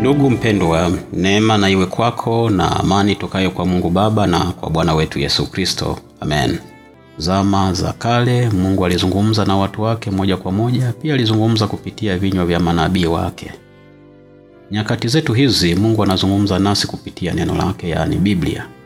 Ndugu mpendwa, neema na iwe kwako na amani tokayo kwa Mungu Baba na kwa Bwana wetu Yesu Kristo, amen. Zama za kale Mungu alizungumza na watu wake moja kwa moja, pia alizungumza kupitia vinywa vya manabii wake. Nyakati zetu hizi Mungu anazungumza nasi kupitia neno lake, yaani Biblia.